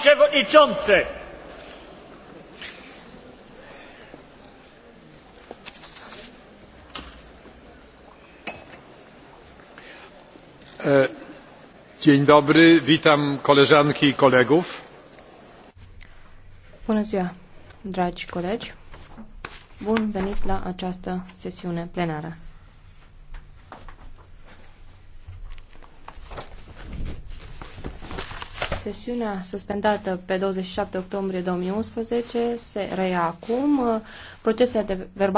przewodniczący! Dzień dobry, witam koleżanki i kolegów. Bună ziua, dragi colegi. Bun venit la această sesiune plenară. Sesiunea suspendată pe 27 octombrie 2011 se reia acum. Procesele de verbal